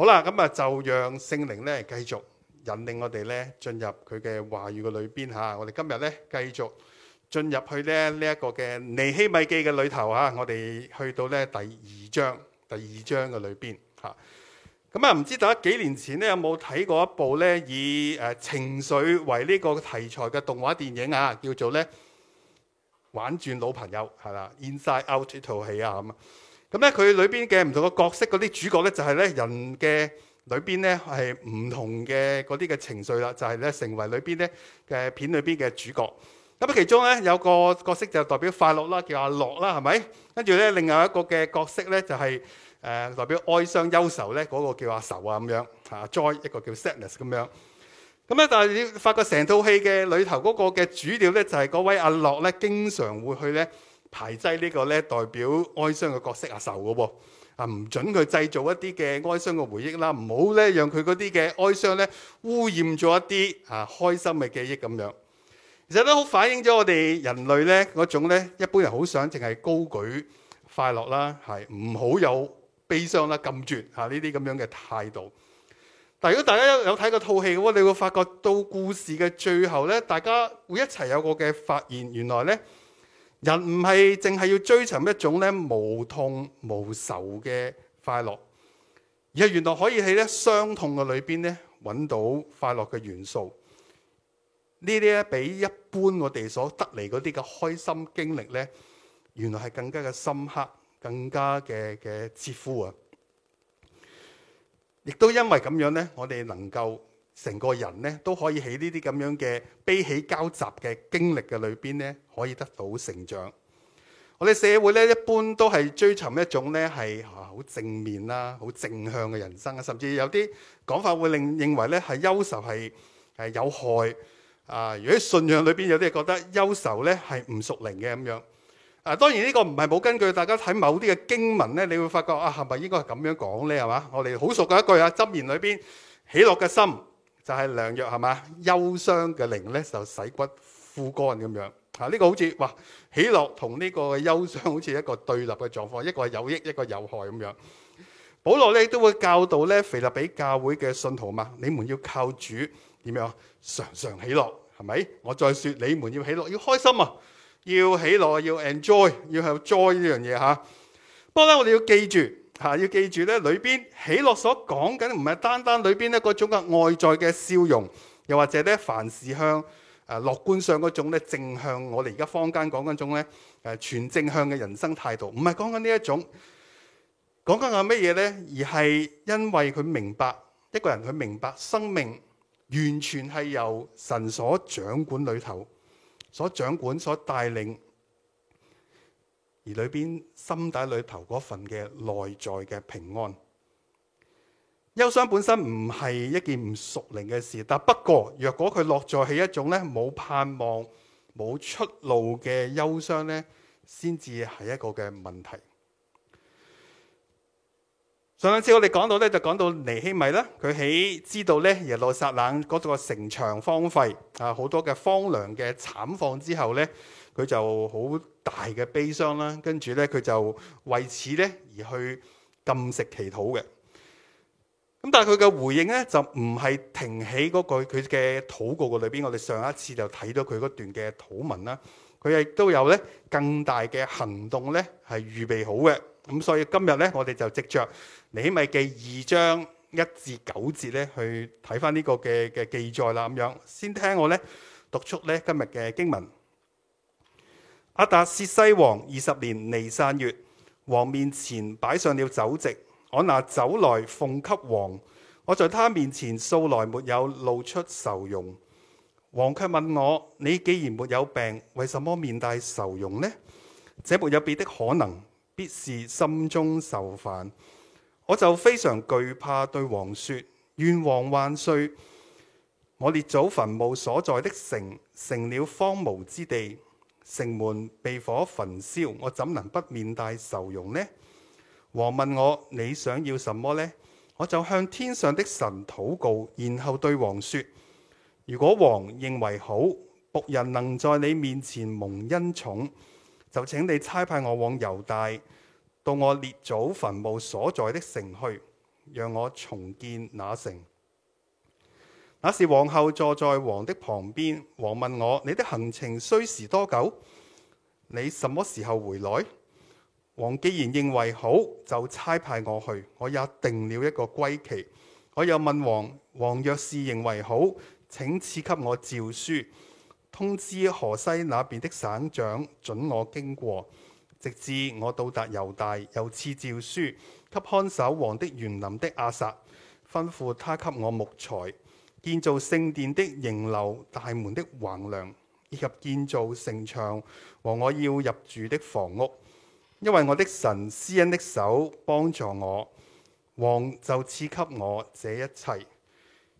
好啦，咁啊，就讓聖靈咧繼續引領我哋咧進入佢嘅話語嘅裏邊吓。我哋今日咧繼續進入去咧呢一個嘅尼希米記嘅裏頭啊，我哋去、這個啊，去到咧第二章，第二章嘅裏邊吓。咁啊，唔、啊、知大家幾年前咧有冇睇過一部咧以誒、呃、情緒為呢個題材嘅動畫電影啊，叫做咧玩轉老朋友，係啦，Inside Out 呢套戲啊咁啊。咁咧，佢裏邊嘅唔同嘅角色，嗰啲主角咧就係咧人嘅裏邊咧係唔同嘅嗰啲嘅情緒啦，就係咧成為裏邊咧嘅片裏邊嘅主角。咁啊，其中咧有個角色就代表快樂啦，叫阿樂啦，係咪？跟住咧，另外一個嘅角色咧就係、是呃、代表哀傷憂愁咧，嗰、那個叫阿愁啊咁樣嚇、啊。Joy 一個叫 Sadness 咁樣。咁咧，但係你發覺成套戲嘅裏頭嗰個嘅主調咧，就係嗰位阿樂咧，經常會去咧。排擠呢個咧代表哀傷嘅角色啊，愁嘅喎啊，唔准佢製造一啲嘅哀傷嘅回憶啦，唔好咧讓佢嗰啲嘅哀傷咧污染咗一啲啊開心嘅記憶咁樣。其實都好反映咗我哋人類咧嗰種咧一般人好想淨係高舉快樂啦，係唔好有悲傷啦，禁絕嚇呢啲咁樣嘅態度。但係如果大家有睇過套戲嘅話，你會發覺到故事嘅最後咧，大家會一齊有一個嘅發現，原來咧。人唔係淨係要追尋一種咧無痛無愁嘅快樂，而係原來可以喺咧傷痛嘅裏邊咧揾到快樂嘅元素。呢啲咧比一般我哋所得嚟嗰啲嘅開心經歷咧，原來係更加嘅深刻，更加嘅嘅切膚啊！亦都因為咁樣咧，我哋能夠。成個人咧都可以喺呢啲咁樣嘅悲喜交集嘅經歷嘅裏邊咧，可以得到成長。我哋社會咧一般都係追尋一種咧係好正面啦、好正向嘅人生，甚至有啲講法會令認為咧係憂愁係係有害。啊，如果信仰裏邊有啲係覺得憂愁咧係唔屬靈嘅咁樣。啊，當然呢個唔係冇根據，大家睇某啲嘅經文咧，你會發覺啊，係咪應該係咁樣講咧？係嘛，我哋好熟嘅一句啊，《箴言》裏邊喜樂嘅心。就係良藥係嘛？憂傷嘅靈咧就使骨枯乾咁樣。啊，呢個好似話喜樂同呢個憂傷好似一個對立嘅狀況，一個係有益，一個有害咁樣。保羅咧都會教導咧腓立比教會嘅信徒嘛，你們要靠主點樣常常喜樂係咪？我再説你們要喜樂，要開心啊，要喜樂，要 enjoy，要去 joy 呢樣嘢嚇。不過咧我哋要記住。嚇！要記住咧，裏邊喜樂所講緊唔係單單裏邊咧嗰種嘅外在嘅笑容，又或者咧凡事向誒樂觀上嗰種咧正向，我哋而家坊間講嗰種咧誒全正向嘅人生態度，唔係講緊呢一種，講緊係乜嘢咧？而係因為佢明白一個人，佢明白生命完全係由神所掌管裏頭所掌管所帶領。而裏邊心底裏頭嗰份嘅內在嘅平安，憂傷本身唔係一件唔屬靈嘅事，但不過若果佢落在係一,一種咧冇盼望，冇出路嘅憂傷咧，先至係一個嘅問題。上兩次我哋講到咧，就講到尼希米啦，佢喺知道咧耶路撒冷嗰個城牆荒廢啊，好多嘅荒涼嘅慘況之後咧。佢就好大嘅悲傷啦，跟住咧佢就為此咧而去禁食祈禱嘅。咁但係佢嘅回應咧就唔係停喺嗰句佢嘅禱告嘅裏邊。我哋上一次就睇到佢嗰段嘅禱文啦。佢亦都有咧更大嘅行動咧係預備好嘅。咁所以今日咧我哋就藉着尼希米記二章一至九節咧去睇翻呢個嘅嘅記載啦。咁樣先聽我咧讀出咧今日嘅經文。阿亞達薛西王二十年尼散月，王面前擺上了酒席，我拿酒來奉給王。我在他面前素來沒有露出愁容，王卻問我：你既然沒有病，為什麼面帶愁容呢？這沒有別的可能，必是心中愁煩。我就非常懼怕，對王說：願王萬歲！我列祖墳墓，墓所在的城成了荒蕪之地。城門被火焚燒，我怎能不面帶愁容呢？王問我：你想要什麼呢？我就向天上的神禱告，然後對王說：如果王認為好，僕人能在你面前蒙恩寵，就請你差派我往猶大，到我列祖墳墓，墓所在的城去，讓我重建那城。那是皇后坐在王的旁邊。王問我：你的行程需時多久？你什麼時候回來？王既然認為好，就差派我去。我也定了一個歸期。我又問王：王若是認為好，請賜給我詔書通知河西那邊的省長，準我經過，直至我到達猶大。又賜詔書給看守王的園林的亞薩，吩咐他給我木材。建造聖殿的營樓、大門的橫梁，以及建造城牆和我要入住的房屋，因為我的神施恩的手幫助我，王就賜給我這一切。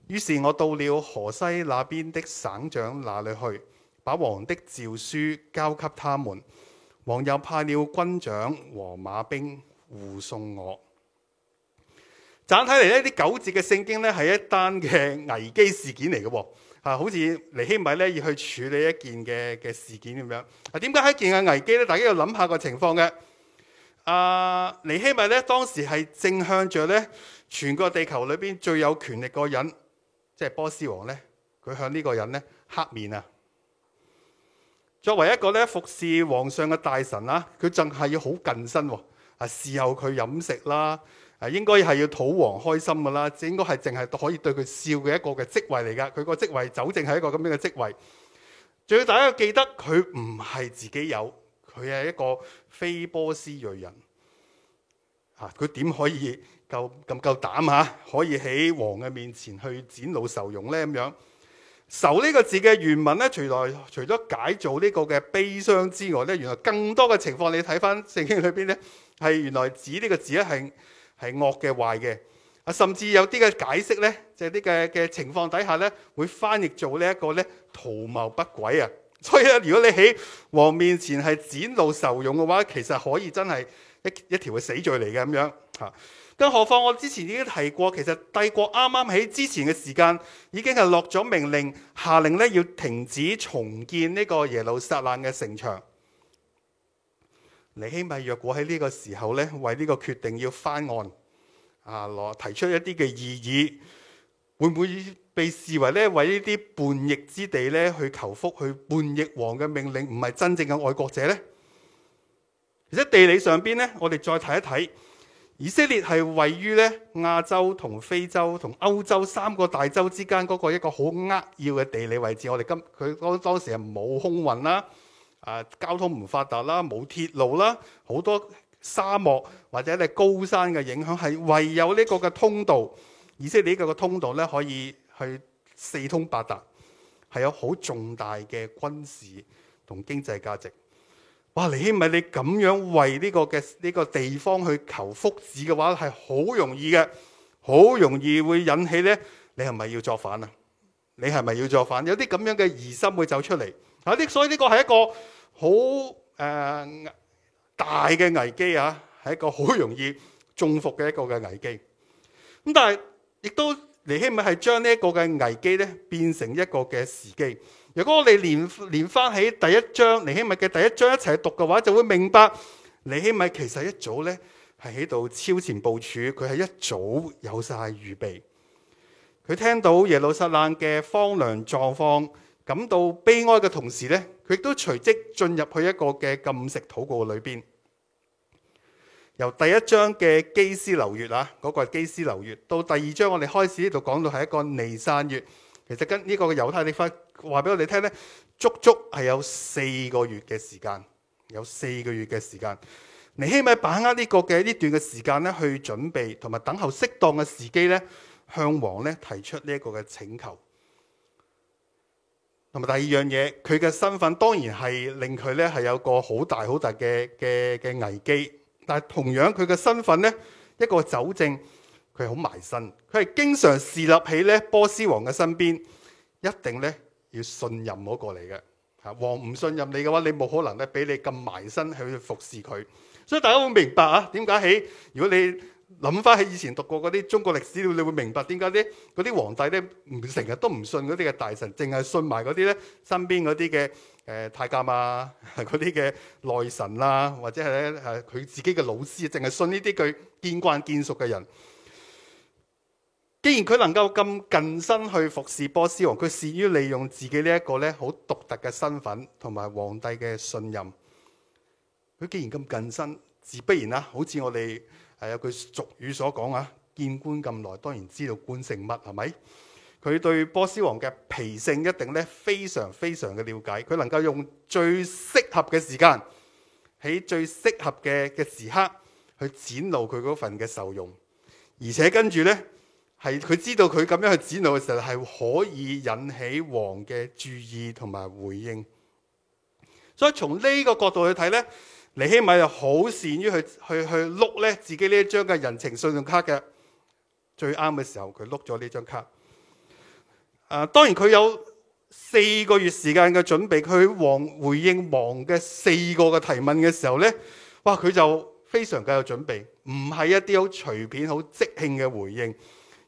於是我到了河西那邊的省長那裡去，把王的詔書交給他們。王又派了軍長和馬兵護送我。乍睇嚟呢啲九節嘅聖經咧係一單嘅危機事件嚟嘅喎，好似尼希米咧要去處理一件嘅嘅事件咁樣。啊，點解喺件嘅危機咧？大家要諗下個情況嘅。啊，尼希米咧當時係正向著咧全個地球裏邊最有權力個人，即係波斯王咧，佢向呢個人咧黑面啊。作為一個咧服侍皇上嘅大臣啦，佢仲係要好近身喎，啊，伺候佢飲食啦。啊，應該係要討王開心㗎啦，應該係淨係可以對佢笑嘅一個嘅職位嚟㗎。佢個職位就正係一個咁樣嘅職位。仲要大家要記得佢唔係自己有，佢係一個非波斯裔人。啊，佢點可以夠咁夠膽嚇，可以喺王嘅面前去展露愁容咧？咁樣愁呢個字嘅原文咧，原來除咗解造呢個嘅悲傷之外咧，原來更多嘅情況你睇翻聖經裏邊咧，係原來指呢個字係。係惡嘅、的壞嘅，啊，甚至有啲嘅解釋呢，就係啲個嘅情況底下呢，會翻譯做呢一個咧，圖謀不軌啊！所以咧，如果你喺王面前係展露愁容嘅話，其實可以真係一一條嘅死罪嚟嘅咁樣嚇。更何況我之前已經提過，其實帝國啱啱喺之前嘅時間已經係落咗命令，下令呢要停止重建呢個耶路撒冷嘅城牆。你希望若果喺呢個時候咧，為呢個決定要翻案啊，攞提出一啲嘅異議，會唔會被視為咧為呢啲叛逆之地咧去求福？去叛逆王嘅命令唔係真正嘅愛國者呢？其實地理上邊咧，我哋再睇一睇，以色列係位於咧亞洲同非洲同歐洲三個大洲之間嗰個一個好扼要嘅地理位置。我哋今佢當當時係冇空運啦。啊，交通唔發達啦，冇鐵路啦，好多沙漠或者你高山嘅影響，係唯有呢個嘅通道，而且你呢個嘅通道咧可以去四通八達，係有好重大嘅軍事同經濟價值。哇！你係咪你咁樣為呢個嘅呢個地方去求福祉嘅話，係好容易嘅，好容易會引起咧，你係咪要作反啊？你係咪要作反？有啲咁樣嘅疑心會走出嚟。啊！呢所以呢個係一個好誒、呃、大嘅危機啊，係一個好容易中伏嘅一個嘅危機。咁但係亦都尼希米係將呢一個嘅危機咧變成一個嘅時機。如果我哋連連翻起第一章尼希米嘅第一章一齊讀嘅話，就會明白尼希米其實一早咧係喺度超前部署，佢係一早有晒預備。佢聽到耶路撒冷嘅荒涼狀況。感到悲哀嘅同時呢佢亦都隨即進入去一個嘅禁食禱告裏邊。由第一章嘅基斯流月啊，嗰個係基斯流月，到第二章我哋開始呢度講到係一個尼散月，其實跟呢個嘅猶太曆法話俾我哋聽呢足足係有四個月嘅時間，有四個月嘅時間。尼希米把握呢個嘅呢段嘅時間咧，去準備同埋等候適當嘅時機呢向王呢提出呢一個嘅請求。同埋第二樣嘢，佢嘅身份當然係令佢咧係有一個好大好大嘅嘅嘅危機。但係同樣佢嘅身份咧，一個酒政，佢係好埋身，佢係經常侍立喺咧波斯王嘅身邊，一定咧要信任嗰個嚟嘅嚇。王唔信任你嘅話，你冇可能咧俾你咁埋身去服侍佢。所以大家會明白啊，點解喺如果你？諗翻起以前讀過嗰啲中國歷史，你會明白點解啲嗰啲皇帝咧唔成日都唔信嗰啲嘅大臣，淨係信埋嗰啲咧身邊嗰啲嘅誒太監啊，嗰啲嘅內臣啊，或者係咧誒佢自己嘅老師，淨係信呢啲佢見慣見熟嘅人。既然佢能夠咁近身去服侍波斯王，佢善於利用自己呢一個咧好獨特嘅身份同埋皇帝嘅信任。佢既然咁近身，自不然啦，好似我哋。係有句俗語所講啊，見官咁耐，當然知道官姓乜，係咪？佢對波斯王嘅脾性一定咧非常非常嘅了解，佢能夠用最適合嘅時間，喺最適合嘅嘅時刻去展露佢嗰份嘅愁容，而且跟住咧係佢知道佢咁樣去展露嘅時候係可以引起王嘅注意同埋回應，所以從呢個角度去睇咧。尼希米又好善於去去去碌咧自己呢一張嘅人情信用卡嘅，最啱嘅時候佢碌咗呢張卡。啊，當然佢有四個月時間嘅準備。佢喺回應王嘅四個嘅提問嘅時候呢，哇！佢就非常嘅有準備，唔係一啲好隨便、好即興嘅回應。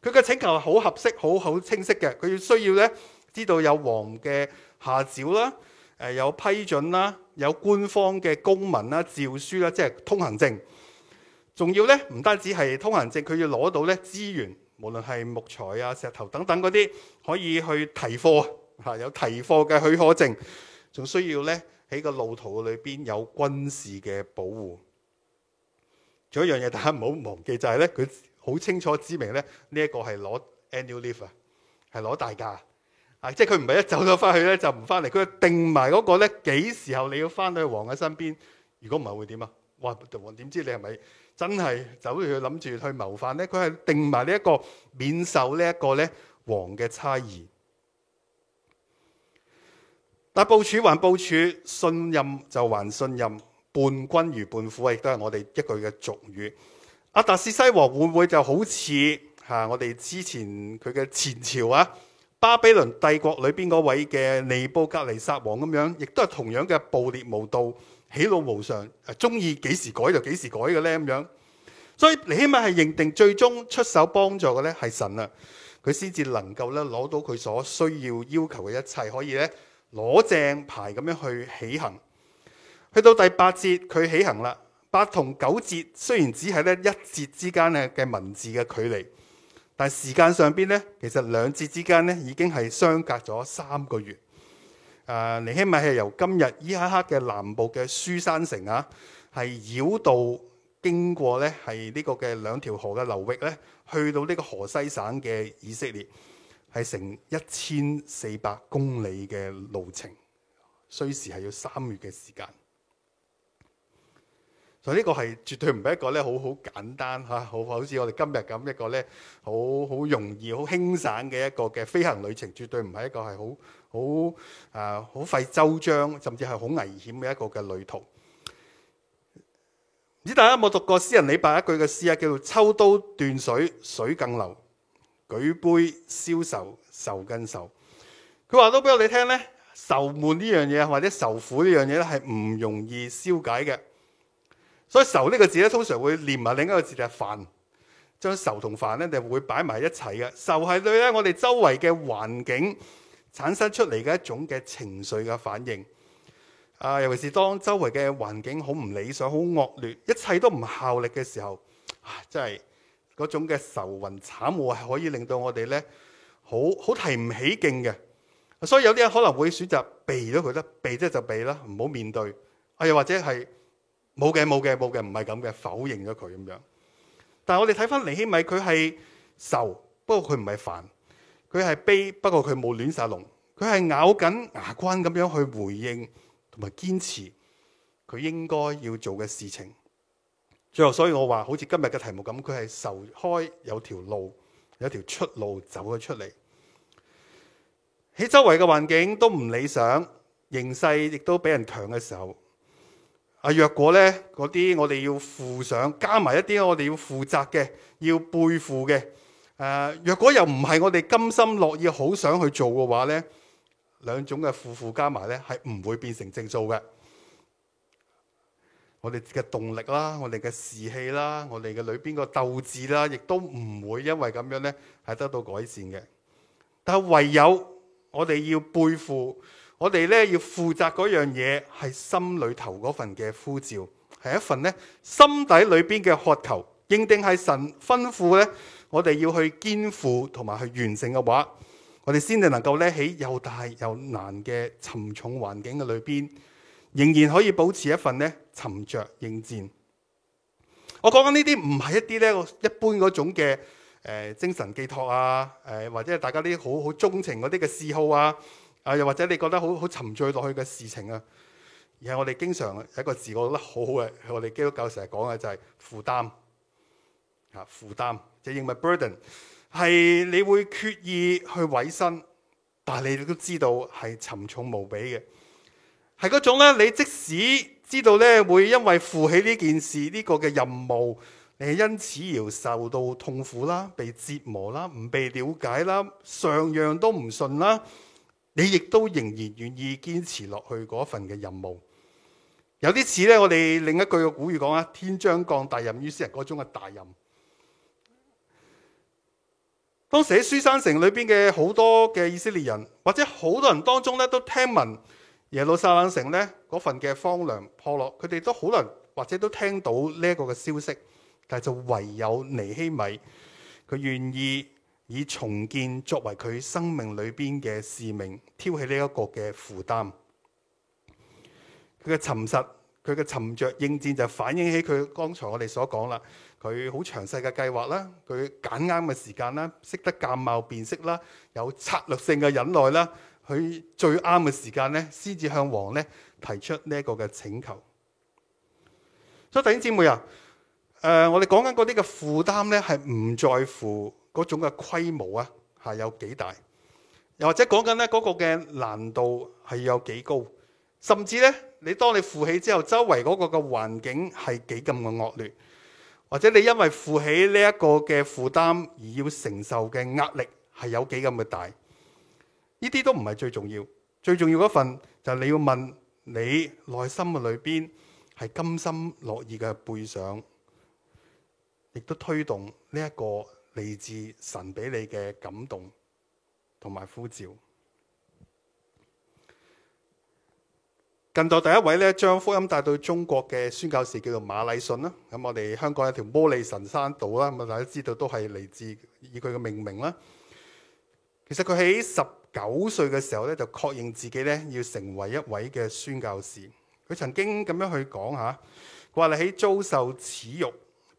佢嘅請求係好合適、好好清晰嘅。佢需要咧知道有王嘅下詔啦，誒、呃、有批准啦。有官方嘅公文啦、啊、詔書啦、啊，即係通行證。仲要咧，唔單止係通行證，佢要攞到咧資源，無論係木材啊、石頭等等嗰啲，可以去提貨。嚇、啊，有提貨嘅許可證，仲需要咧喺個路途裏邊有軍事嘅保護。仲有一樣嘢，大家唔好忘記就係、是、咧，佢好清楚知明咧呢一、這個係攞 annual leave，係攞大假。啊！即係佢唔係一走咗翻去咧，就唔翻嚟，佢定埋嗰個咧幾時候你要翻去王嘅身邊？如果唔係會點啊？哇！王點知你係咪真係走咗去，諗住去謀反咧？佢係定埋呢一個免受呢一個咧王嘅猜疑。但部署還部署，信任就還信任，伴君如伴虎，亦都係我哋一句嘅俗語。阿達薛西王會唔會就好似吓我哋之前佢嘅前朝啊？巴比倫帝國裏邊嗰位嘅尼布甲尼撒王咁樣，亦都係同樣嘅暴虐無道、喜怒無常，誒，中意幾時改就幾時改嘅咧咁樣。所以你起碼係認定最終出手幫助嘅咧係神啊，佢先至能夠咧攞到佢所需要要求嘅一切，可以咧攞正牌咁樣去起行。去到第八節，佢起行啦。八同九節雖然只係咧一節之間嘅嘅文字嘅距離。但時間上邊咧，其實兩節之間咧已經係相隔咗三個月。誒、啊，尼希米係由今日伊拉克嘅南部嘅書珊城啊，係繞道經過咧，係呢個嘅兩條河嘅流域咧，去到呢個河西省嘅以色列，係成一千四百公里嘅路程，需時係要三月嘅時間。所以呢個係絕對唔係一個咧好好簡單嚇，好好似我哋今日咁一,一個咧好好容易好輕省嘅一個嘅飛行旅程，絕對唔係一個係好好啊好費周章，甚至係好危險嘅一個嘅旅途。唔知大家有冇讀過詩人李白一句嘅詩啊？叫做「抽刀斷水，水更流；舉杯消愁，愁更愁」。佢話到俾我哋聽咧，愁悶呢樣嘢或者愁苦呢樣嘢咧，係唔容易消解嘅。所以愁呢個字咧，通常會連埋另一個字就係煩，將愁同煩咧，就係會擺埋一齊嘅。愁係對咧，我哋周圍嘅環境產生出嚟嘅一種嘅情緒嘅反應。啊，尤其是當周圍嘅環境好唔理想、好惡劣、一切都唔效力嘅時候，啊，真係嗰種嘅愁雲慘霧係可以令到我哋咧，好好提唔起勁嘅。所以有啲人可能會選擇避咗佢啦，避即係就避啦，唔好面對。啊，又或者係。冇嘅，冇嘅，冇嘅，唔係咁嘅，否認咗佢咁樣。但係我哋睇翻尼希米，佢係愁，不過佢唔係煩，佢係悲，不過佢冇亂晒龍，佢係咬緊牙關咁樣去回應同埋堅持佢應該要做嘅事情。最後，所以我話好似今日嘅題目咁，佢係愁開有條路，有條出路走咗出嚟。喺周圍嘅環境都唔理想，形勢亦都比人強嘅時候。啊，若果咧嗰啲我哋要負上，加埋一啲我哋要負責嘅，要背負嘅，誒、啊、若果又唔係我哋甘心樂意好想去做嘅話咧，兩種嘅負負加埋咧係唔會變成正數嘅。我哋嘅動力啦，我哋嘅士氣啦，我哋嘅裏邊個鬥志啦，亦都唔會因為咁樣咧係得到改善嘅。但係唯有我哋要背負。我哋咧要負責嗰樣嘢，係心裏頭嗰份嘅呼召，係一份咧心底裏邊嘅渴求，認定係神吩咐咧，我哋要去肩負同埋去完成嘅話，我哋先至能夠咧喺又大又難嘅沉重環境嘅裏邊，仍然可以保持一份咧沉着應戰。我講緊呢啲唔係一啲咧一般嗰種嘅誒精神寄託啊，誒或者係大家啲好好鍾情嗰啲嘅嗜好啊。啊，又或者你覺得好好沉醉落去嘅事情啊，而係我哋經常一個字，我覺得好好嘅，我哋基督教成日講嘅就係負擔，啊負擔，即係英文 burden，係你會決意去委身，但係你都知道係沉重無比嘅，係嗰種咧，你即使知道咧會因為負起呢件事呢個嘅任務，你係因此而受到痛苦啦、被折磨啦、唔被了解啦、上樣都唔順啦。你亦都仍然願意堅持落去嗰份嘅任務，有啲似咧我哋另一句嘅古語講啊：天將降大任於斯人，嗰種嘅大任。當時書珊城裏邊嘅好多嘅以色列人，或者好多人當中咧都聽聞耶路撒冷城咧嗰份嘅荒涼破落，佢哋都好難或者都聽到呢一個嘅消息，但係就唯有尼希米，佢願意。以重建作為佢生命裏邊嘅使命，挑起呢一個嘅負擔。佢嘅沉實，佢嘅沉着應戰，就反映起佢剛才我哋所講啦。佢好詳細嘅計劃啦，佢揀啱嘅時間啦，識得鑑貌辨色啦，有策略性嘅忍耐啦。佢最啱嘅時間咧，先至向王咧提出呢一個嘅請求。所以弟兄姊妹啊，誒、呃，我哋講緊嗰啲嘅負擔咧，係唔在乎。嗰種嘅規模啊，係有幾大？又或者講緊呢嗰個嘅難度係有幾高？甚至呢，你當你負起之後，周圍嗰個嘅環境係幾咁嘅惡劣？或者你因為負起呢一個嘅負擔而要承受嘅壓力係有幾咁嘅大？呢啲都唔係最重要，最重要一份就係你要問你內心嘅裏邊係甘心樂意嘅背上，亦都推動呢一個。嚟自神俾你嘅感動同埋呼召。近代第一位咧，將福音帶到中國嘅宣教士叫做馬禮遜啦。咁我哋香港有條摩利臣山道啦，咁啊大家知道都係嚟自以佢嘅命名啦。其實佢喺十九歲嘅時候咧，就確認自己咧要成為一位嘅宣教士。佢曾經咁樣去講吓，佢話你喺遭受恥辱。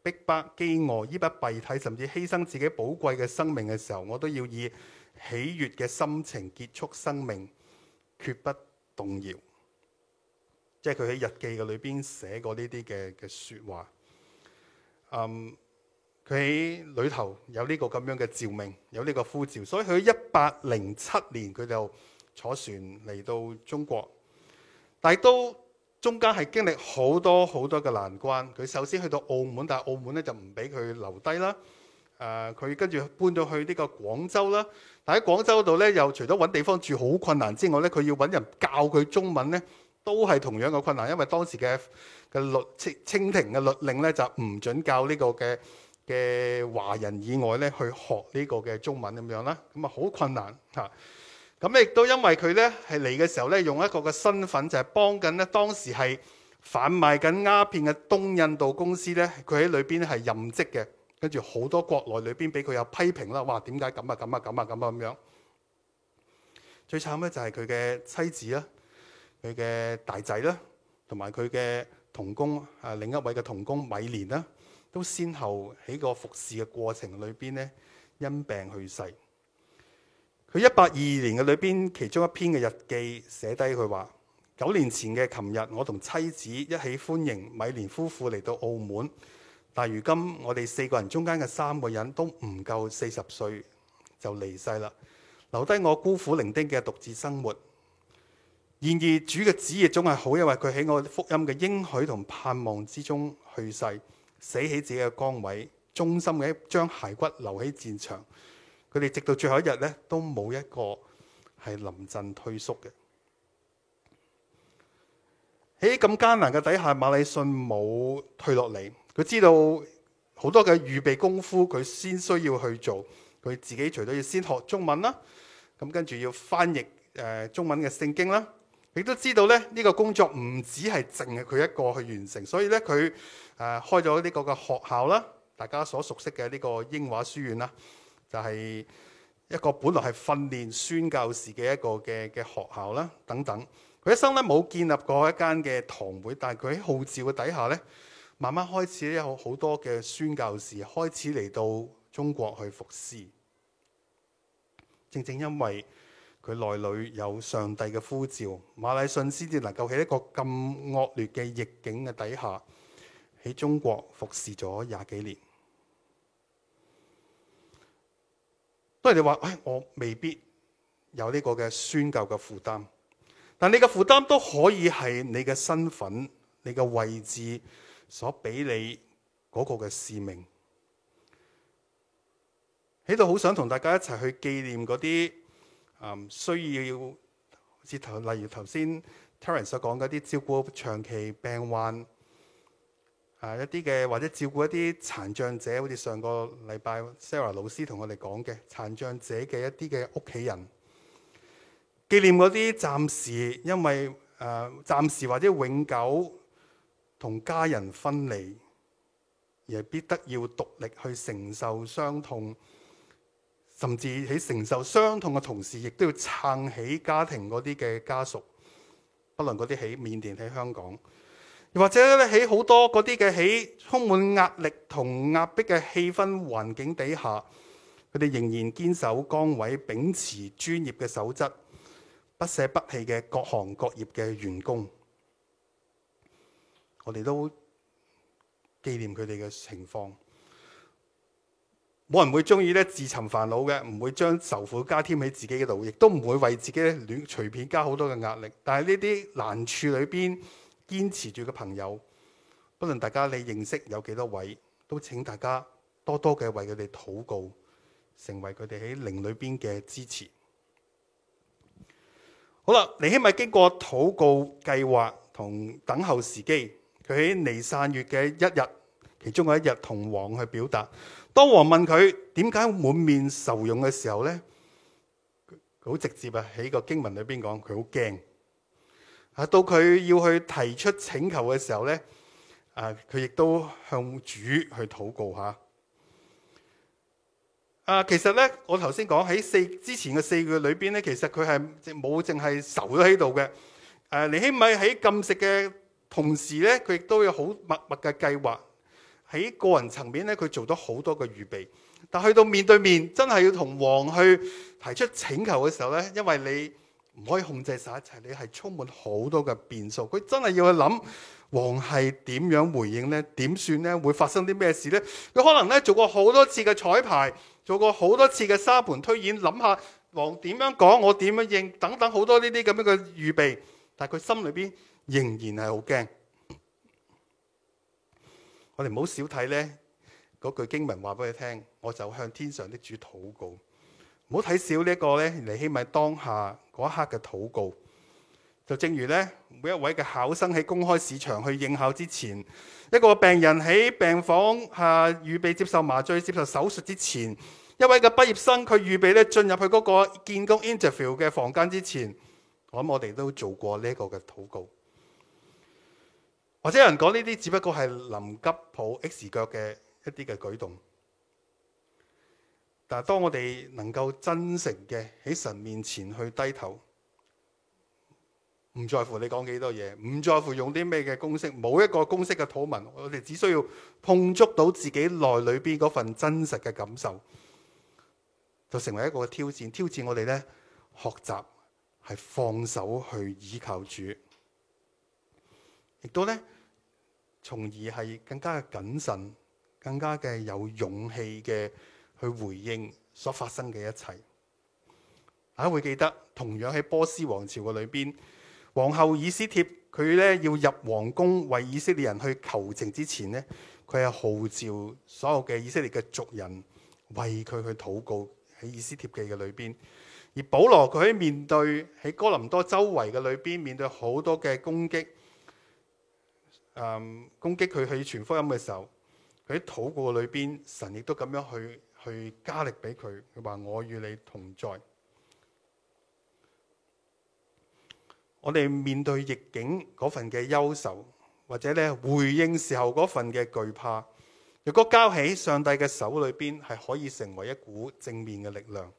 逼迫、饑餓，衣不蔽體，甚至犧牲自己寶貴嘅生命嘅時候，我都要以喜悅嘅心情結束生命，決不動搖。即係佢喺日記嘅裏邊寫過呢啲嘅嘅說話。嗯，佢喺裏頭有呢個咁樣嘅召命，有呢個呼召，所以佢喺一八零七年佢就坐船嚟到中國，但係都。中間係經歷好多好多嘅難關，佢首先去到澳門，但係澳門咧就唔俾佢留低啦。誒、呃，佢跟住搬咗去呢個廣州啦。但喺廣州度咧，又除咗搵地方住好困難之外咧，佢要搵人教佢中文咧，都係同樣嘅困難，因為當時嘅嘅律清清廷嘅律令咧，就唔準教呢個嘅嘅華人以外咧去學呢個嘅中文咁樣啦。咁啊，好困難嚇。咁亦都因為佢咧係嚟嘅時候咧，用一個嘅身份就係幫緊咧當時係販賣緊鴉片嘅東印度公司咧，佢喺裏邊咧係任職嘅，跟住好多國內裏邊俾佢有批評啦，哇！點解咁啊咁啊咁啊咁啊咁樣啊？最慘咧就係佢嘅妻子啦、啊，佢嘅大仔啦、啊，同埋佢嘅同工啊，另一位嘅同工米憐啦、啊，都先後喺個服侍嘅過程裏邊咧，因病去世。佢一八二二年嘅裏邊，其中一篇嘅日記寫低佢話：九年前嘅琴日，我同妻子一起歡迎米廉夫婦嚟到澳門。但如今我哋四個人中間嘅三個人都唔夠四十歲就離世啦，留低我孤苦伶仃嘅獨自生活。然而主嘅旨意總係好，因為佢喺我福音嘅應許同盼望之中去世，死喺自己嘅崗位，忠心嘅將骸骨留喺戰場。佢哋直到最後一日咧，都冇一個係臨陣退縮嘅。喺咁艱難嘅底下，馬禮遜冇退落嚟。佢知道好多嘅預備功夫，佢先需要去做。佢自己除咗要先學中文啦，咁跟住要翻譯誒中文嘅聖經啦。佢都知道咧，呢個工作唔止係淨係佢一個去完成，所以咧佢誒開咗呢個嘅學校啦，大家所熟悉嘅呢個英華書院啦。就係一個本來係訓練宣教士嘅一個嘅嘅學校啦，等等。佢一生咧冇建立過一間嘅堂會，但係佢喺號召嘅底下咧，慢慢開始有好多嘅宣教士開始嚟到中國去服侍。正正因為佢內裏有上帝嘅呼召，馬禮遜先至能夠喺一個咁惡劣嘅逆境嘅底下喺中國服侍咗廿幾年。都係你話，誒、哎，我未必有呢個嘅宣教嘅負擔，但你嘅負擔都可以係你嘅身份，你嘅位置所俾你嗰個嘅使命。喺度好想同大家一齊去紀念嗰啲，誒、嗯，需要，似頭例如頭先 Terence 所講嗰啲照顧長期病患。啊！一啲嘅或者照顧一啲殘障者，好似上個禮拜 Sarah 老師同我哋講嘅，殘障者嘅一啲嘅屋企人，紀念嗰啲暫時因為誒、呃、暫時或者永久同家人分離，而必得要獨力去承受傷痛，甚至喺承受傷痛嘅同時，亦都要撐起家庭嗰啲嘅家屬，不論嗰啲喺緬甸、喺香港。或者咧，喺好多嗰啲嘅喺充滿壓力同壓迫嘅氣氛環境底下，佢哋仍然堅守崗位，秉持專業嘅守則，不捨不棄嘅各行各業嘅員工，我哋都紀念佢哋嘅情況。冇人會中意咧自尋煩惱嘅，唔會將愁苦加添喺自己嗰度，亦都唔會為自己亂隨便加好多嘅壓力。但係呢啲難處裏邊，堅持住嘅朋友，不論大家你認識有幾多位，都請大家多多嘅為佢哋禱告，成為佢哋喺靈裏邊嘅支持。好啦，尼希米經過禱告、計劃同等候時機，佢喺尼散月嘅一日，其中嘅一日同王去表達。當王問佢點解滿面愁容嘅時候呢，佢好直接啊！喺個經文裏邊講，佢好驚。啊，到佢要去提出請求嘅時候咧，啊，佢亦都向主去禱告吓。啊，其實咧，我頭先講喺四之前嘅四句裏邊咧，其實佢係冇淨係愁咗喺度嘅。誒、啊，尼希米喺禁食嘅同時咧，佢亦都有好默默嘅計劃喺個人層面咧，佢做咗好多嘅預備。但去到面對面真係要同王去提出請求嘅時候咧，因為你，唔可以控制晒一切，你係充滿好多嘅變數。佢真係要去諗王係點樣回應呢？點算呢？會發生啲咩事呢？佢可能咧，做過好多次嘅彩排，做過好多次嘅沙盤推演，諗下王點樣講，我點樣應，等等好多呢啲咁樣嘅預備。但係佢心裏邊仍然係好驚。我哋唔好少睇呢句經文話俾佢聽，我就向天上的主禱告。唔好睇少呢一個咧嚟，起碼當下。嗰刻嘅禱告，就正如呢每一位嘅考生喺公開市場去應考之前，一個病人喺病房下預備接受麻醉、接受手術之前，一位嘅畢業生佢預備咧進入去嗰個見工 interview 嘅房間之前，我諗我哋都做過呢一個嘅禱告，或者有人講呢啲只不過係臨急抱 X 腳嘅一啲嘅舉動。但當我哋能夠真誠嘅喺神面前去低頭，唔在乎你講幾多嘢，唔在乎用啲咩嘅公式，冇一個公式嘅禱文，我哋只需要碰觸到自己內裏邊嗰份真實嘅感受，就成為一個挑戰。挑戰我哋咧，學習係放手去依靠主，亦都咧，從而係更加嘅謹慎，更加嘅有勇氣嘅。去回應所發生嘅一切，大家會記得同樣喺波斯王朝嘅裏邊，皇后以斯帖佢咧要入皇宮為以色列人去求情之前呢，佢係號召所有嘅以色列嘅族人為佢去禱告，喺以斯帖記嘅裏邊。而保羅佢喺面對喺哥林多周圍嘅裏邊面，面對好多嘅攻擊，嗯，攻擊佢去傳福音嘅時候，佢喺禱告裏邊神亦都咁樣去。去加力俾佢，佢話我與你同在。我哋面對逆境嗰份嘅憂愁，或者咧回應時候嗰份嘅懼怕，如果交喺上帝嘅手裏邊，係可以成為一股正面嘅力量。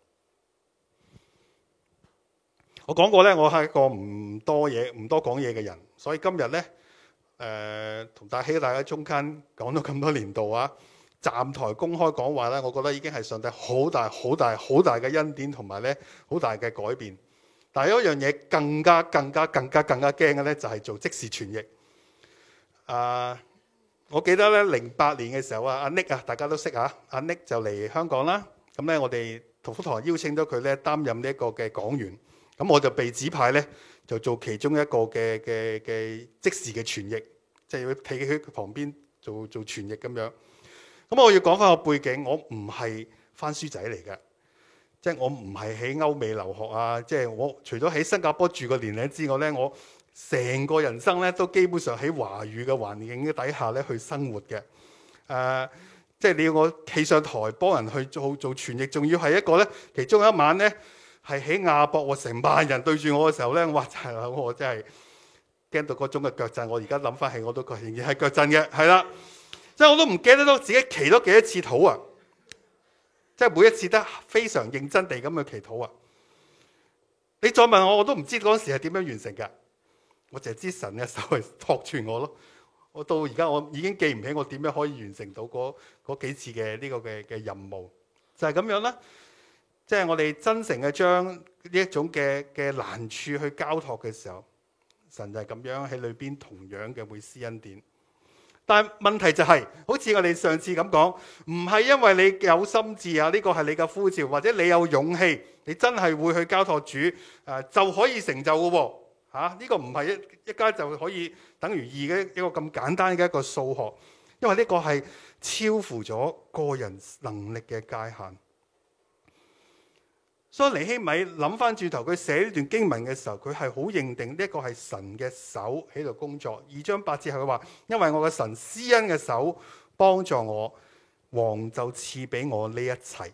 我講過咧，我係一個唔多嘢，唔多講嘢嘅人，所以今日咧，誒、呃、同大希大家中間講咗咁多年度啊。站台公開講話咧，我覺得已經係上帝好大、好大、好大嘅恩典呢，同埋咧好大嘅改變。但係有一樣嘢更加、更加、更加、更加驚嘅咧，就係、是、做即時傳譯。啊，我記得咧零八年嘅時候啊，阿 Nick 啊，大家都識啊，阿 Nick 就嚟香港啦。咁咧，我哋圖福堂邀請咗佢咧擔任呢一個嘅講員。咁我就被指派咧，就做其中一個嘅嘅嘅即時嘅傳譯，即、就、係、是、要企喺佢旁邊做做傳譯咁樣。咁我要講翻個背景，我唔係翻書仔嚟嘅，即係我唔係喺歐美留學啊！即係我除咗喺新加坡住個年齡之外咧，我成個人生咧都基本上喺華語嘅環境底下咧去生活嘅。誒，即係你要我企上台幫人去做做傳譯，仲要係一個咧，其中一晚咧係喺亞博，成萬人對住我嘅時候咧，哇！真係我真係驚到嗰種嘅腳震。我而家諗翻起我都覺仍然係腳震嘅，係啦。即係我都唔記得到自己祈咗幾多次禱啊！即係每一次都非常認真地咁去祈禱啊！你再問我，我都唔知嗰時係點樣完成噶。我淨係知神嘅手係托住我咯。我到而家我已經記唔起我點樣可以完成到嗰嗰幾次嘅呢個嘅嘅任務，就係咁樣啦。即係我哋真誠嘅將呢一種嘅嘅難處去交託嘅時候，神就係咁樣喺裏邊同樣嘅會施恩典。但問題就係，好似我哋上次咁講，唔係因為你有心智啊，呢個係你嘅呼召，或者你有勇氣，你真係會去交託主，呃，就可以成就嘅喎。呢個唔係一加一就可以等於二嘅一個咁簡單嘅一個數學，因為呢個係超乎咗個人能力嘅界限。所以尼希米諗翻轉頭，佢寫呢段經文嘅時候，佢係好認定呢一個係神嘅手喺度工作。二章八節係佢話：因為我嘅神施恩嘅手幫助我，王就賜俾我呢一切。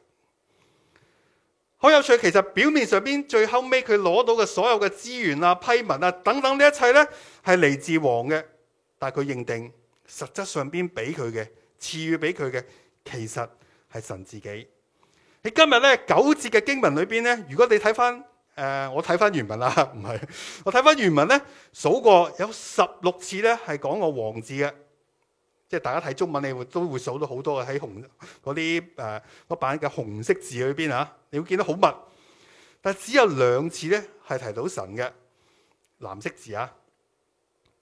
好有趣，其實表面上邊最後尾佢攞到嘅所有嘅資源啊、批文啊等等呢一切呢，係嚟自王嘅。但係佢認定實質上邊俾佢嘅賜予俾佢嘅，其實係神自己。你今日咧九節嘅經文裏邊咧，如果你睇翻誒，我睇翻原文啦，唔係，我睇翻原文咧，數過有十六次咧係講個王字嘅，即係大家睇中文你會都會數到好多嘅喺紅嗰啲誒嗰版嘅紅色字裏邊啊，你會見得好密，但只有兩次咧係提到神嘅藍色字啊，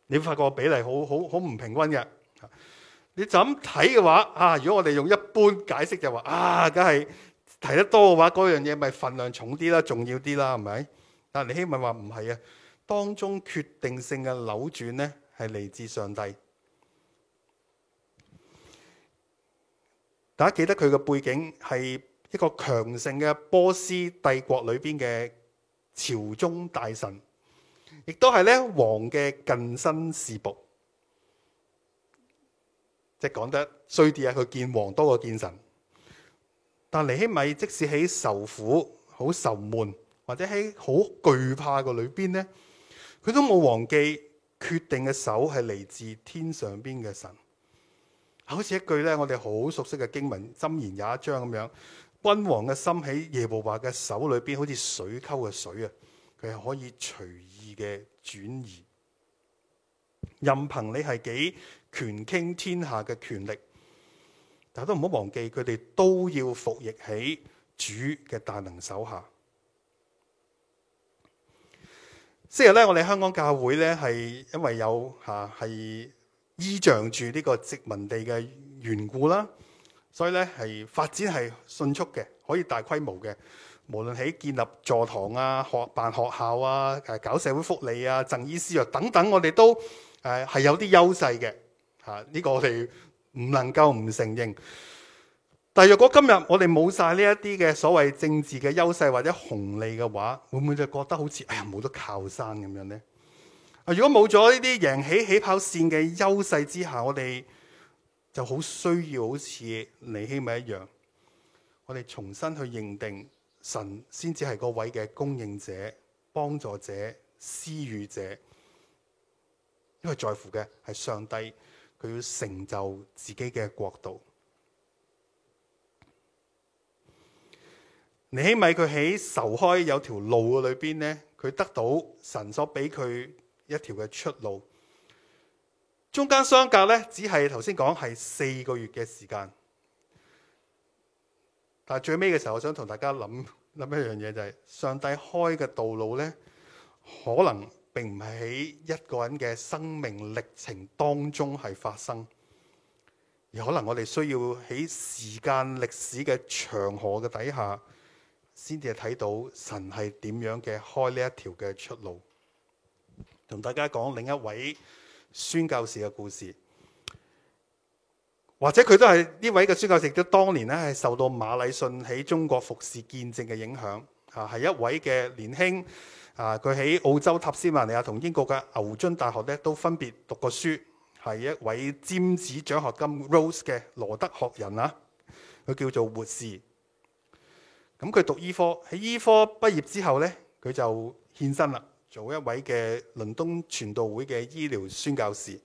你會發覺比例好好好唔平均嘅，你就咁睇嘅話啊，如果我哋用一般解釋就話啊，梗係。提得多嘅話，嗰樣嘢，咪份量重啲啦，重要啲啦，係咪？但尼希米話唔係啊，當中決定性嘅扭轉呢，係嚟自上帝。大家記得佢嘅背景係一個強盛嘅波斯帝國裏邊嘅朝中大臣，亦都係咧王嘅近身侍僕，即係講得衰啲啊，佢見王多過見神。但尼希米，即使喺受苦、好愁悶或者喺好懼怕嘅裏邊咧，佢都冇忘記決定嘅手係嚟自天上邊嘅神。好似一句咧，我哋好熟悉嘅經文《箴言》有一章咁樣，君王嘅心喺耶和華嘅手裏邊，好似水溝嘅水啊，佢係可以隨意嘅轉移，任憑你係幾權傾天下嘅權力。大家都唔好忘記，佢哋都要服役喺主嘅大能手下。即係咧，我哋香港教會咧，係因為有嚇係依仗住呢個殖民地嘅緣故啦，所以咧係發展係迅速嘅，可以大規模嘅。無論喺建立座堂啊、學辦學校啊、誒搞社會福利啊、贈醫施藥等等，我哋都誒係有啲優勢嘅嚇。呢、這個我哋。唔能夠唔承認，但如果今日我哋冇晒呢一啲嘅所謂政治嘅優勢或者紅利嘅話，會唔會就覺得好似哎呀冇得靠山咁樣呢？啊，如果冇咗呢啲贏起起跑線嘅優勢之下，我哋就好需要好似尼希米一樣，我哋重新去認定神先至係個位嘅供應者、幫助者、施予者，因為在乎嘅係上帝。佢要成就自己嘅國度，尼希米佢喺愁開有條路嘅裏邊咧，佢得到神所俾佢一條嘅出路。中間相隔呢，只係頭先講係四個月嘅時間。但係最尾嘅時候，我想同大家諗諗一樣嘢，就是，就係上帝開嘅道路呢，可能。並唔係喺一個人嘅生命歷程當中係發生，而可能我哋需要喺時間歷史嘅長河嘅底下，先至睇到神係點樣嘅開呢一條嘅出路。同大家講另一位宣教士嘅故事，或者佢都係呢位嘅宣教士，亦都當年咧係受到馬禮遜喺中國服侍見證嘅影響，啊，係一位嘅年輕。啊！佢喺澳洲塔斯曼尼亞同英國嘅牛津大學咧，都分別讀過書，係一位尖子獎學金 Rose 嘅羅德學人啊。佢叫做活士。咁佢讀醫科，喺醫科畢業之後咧，佢就獻身啦，做一位嘅倫敦傳道會嘅醫療宣教士。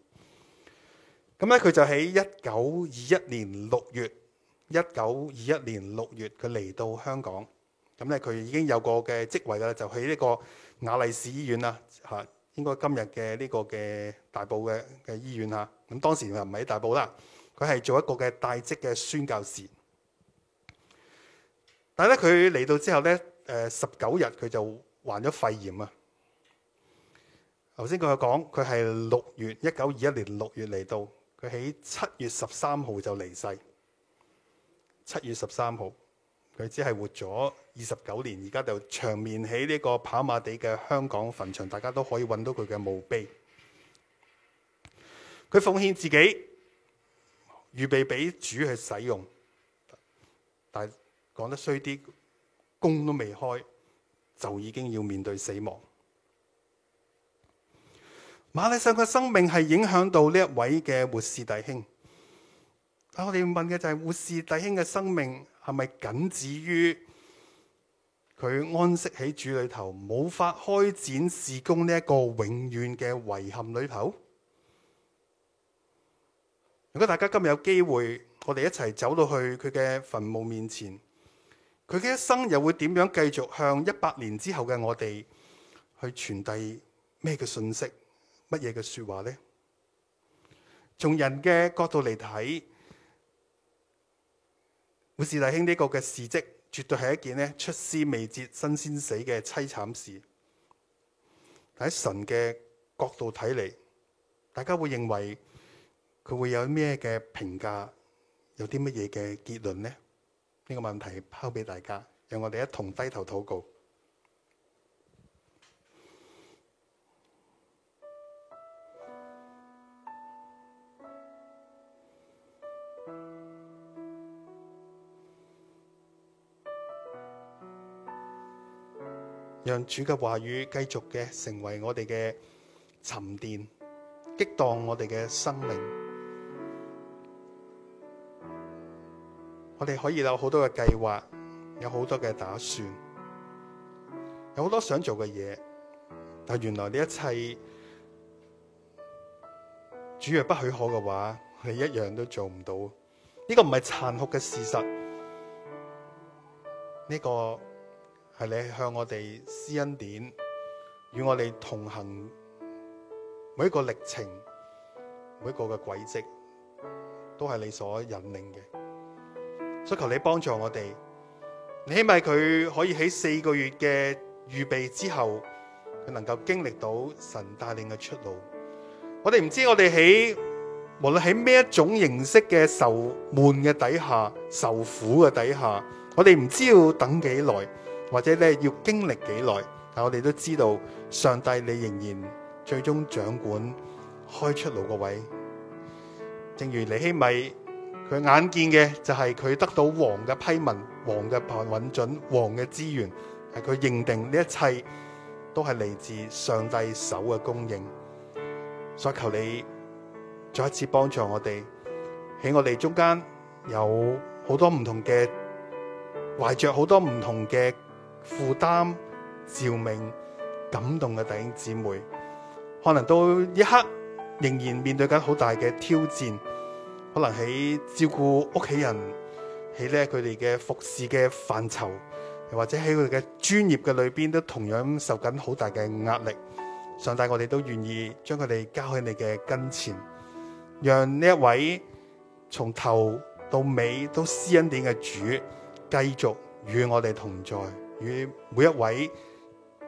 咁咧，佢就喺一九二一年六月，一九二一年六月，佢嚟到香港。咁咧，佢已經有個嘅職位啦，就喺呢個。雅麗氏醫院啊，嚇，應該今日嘅呢個嘅大埔嘅嘅醫院啊。咁當時又唔係喺大埔啦，佢係做一個嘅帶職嘅宣教士。但係咧，佢嚟到之後咧，誒十九日佢就患咗肺炎啊。頭先佢講佢係六月，一九二一年六月嚟到，佢喺七月十三號就離世。七月十三號。佢只係活咗二十九年，而家就長眠喺呢個跑馬地嘅香港墳場，大家都可以揾到佢嘅墓碑。佢奉獻自己，預備俾主去使用，但講得衰啲，工都未開，就已經要面對死亡。馬利上嘅生命係影響到呢一位嘅護士弟兄，我哋要問嘅就係護士弟兄嘅生命，係咪僅止於佢安息喺主裏頭，無法開展事工呢一個永遠嘅遺憾裏頭？如果大家今日有機會，我哋一齊走到去佢嘅墳墓面前，佢嘅一生又會點樣繼續向一百年之後嘅我哋去傳遞咩嘅信息、乜嘢嘅説話呢？從人嘅角度嚟睇。武士大兄呢個嘅事跡，絕對係一件咧，出師未捷身先死嘅淒慘事。喺神嘅角度睇嚟，大家會認為佢會有咩嘅評價，有啲乜嘢嘅結論呢？呢、呢個問題拋俾大家，讓我哋一同低頭禱告。讓主嘅話語繼續嘅成為我哋嘅沉澱，激盪我哋嘅生命。我哋可以有好多嘅計劃，有好多嘅打算，有好多想做嘅嘢。但原來呢一切，主若不許可嘅話，係一樣都做唔到。呢個唔係殘酷嘅事實，呢個。係你向我哋施恩典，與我哋同行每一個歷程，每一個嘅軌跡，都係你所引領嘅。所以求你幫助我哋，你希望佢可以喺四個月嘅預備之後，佢能夠經歷到神帶領嘅出路。我哋唔知我在，我哋喺無論喺咩一種形式嘅愁悶嘅底下，愁苦嘅底下，我哋唔知要等幾耐。或者咧要經歷幾耐，但我哋都知道，上帝你仍然最終掌管開出路個位。正如尼希米，佢眼見嘅就係佢得到王嘅批文、王嘅允准、王嘅資源，係佢認定呢一切都係嚟自上帝手嘅供應。所以求你再一次幫助我哋，喺我哋中間有好多唔同嘅懷着好多唔同嘅。負擔、照明、感動嘅弟兄姊妹，可能到一刻仍然面對緊好大嘅挑戰，可能喺照顧屋企人，喺咧佢哋嘅服侍嘅範疇，又或者喺佢哋嘅專業嘅裏邊，都同樣受緊好大嘅壓力。上帝，我哋都願意將佢哋交喺你嘅跟前，讓呢一位從頭到尾都施恩典嘅主，繼續與我哋同在。與每一位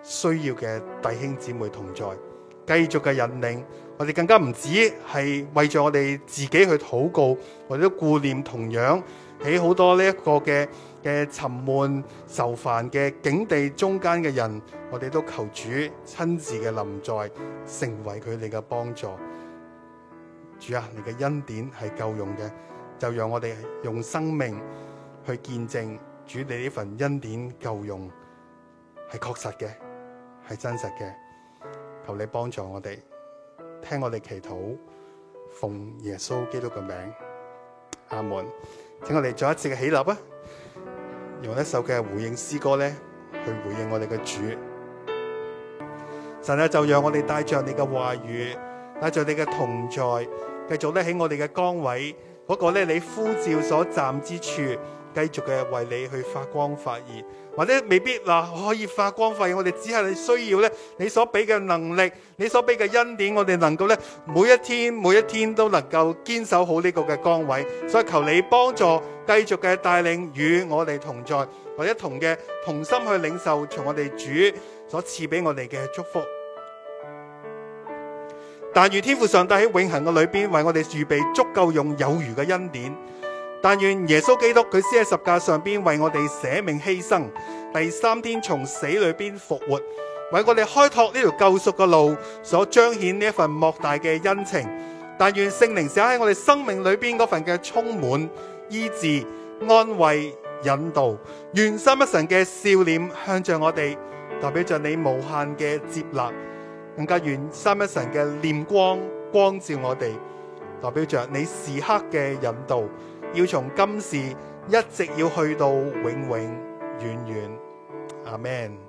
需要嘅弟兄姊妹同在，繼續嘅引領，我哋更加唔止係為咗我哋自己去禱告，或者顧念同樣喺好多呢一個嘅嘅沉悶、愁煩嘅境地中間嘅人，我哋都求主親自嘅臨在，成為佢哋嘅幫助。主啊，你嘅恩典係夠用嘅，就讓我哋用生命去見證。主你呢份恩典夠用，係確實嘅，係真實嘅。求你幫助我哋，聽我哋祈禱，奉耶穌基督嘅名，阿門。請我哋再一次嘅起立啊！用一首嘅回應詩歌咧，去回應我哋嘅主。神啊，就讓我哋帶着你嘅話語，帶着你嘅同在，繼續咧喺我哋嘅崗位嗰個咧，你呼召所站之處。繼續嘅為你去發光發熱，或者未必嗱，可以發光發熱。我哋只係需要咧，你所俾嘅能力，你所俾嘅恩典，我哋能夠咧，每一天每一天都能夠堅守好呢個嘅崗位。所以求你幫助，繼續嘅帶領與我哋同在，或者同嘅同心去領受從我哋主所賜俾我哋嘅祝福。但願天父上帝喺永恒嘅裏邊為我哋預備足夠用有餘嘅恩典。但願耶穌基督佢先喺十架上邊為我哋捨命犧牲，第三天從死裏邊復活，為我哋開拓呢條救贖嘅路，所彰顯呢一份莫大嘅恩情。但願聖靈寫喺我哋生命裏邊嗰份嘅充滿醫治、安慰、引導，願三一神嘅笑臉向着我哋，代表着你無限嘅接納，更加願三一神嘅念光光照我哋，代表着你時刻嘅引導。要從今時一直要去到永永遠遠，遠，阿門。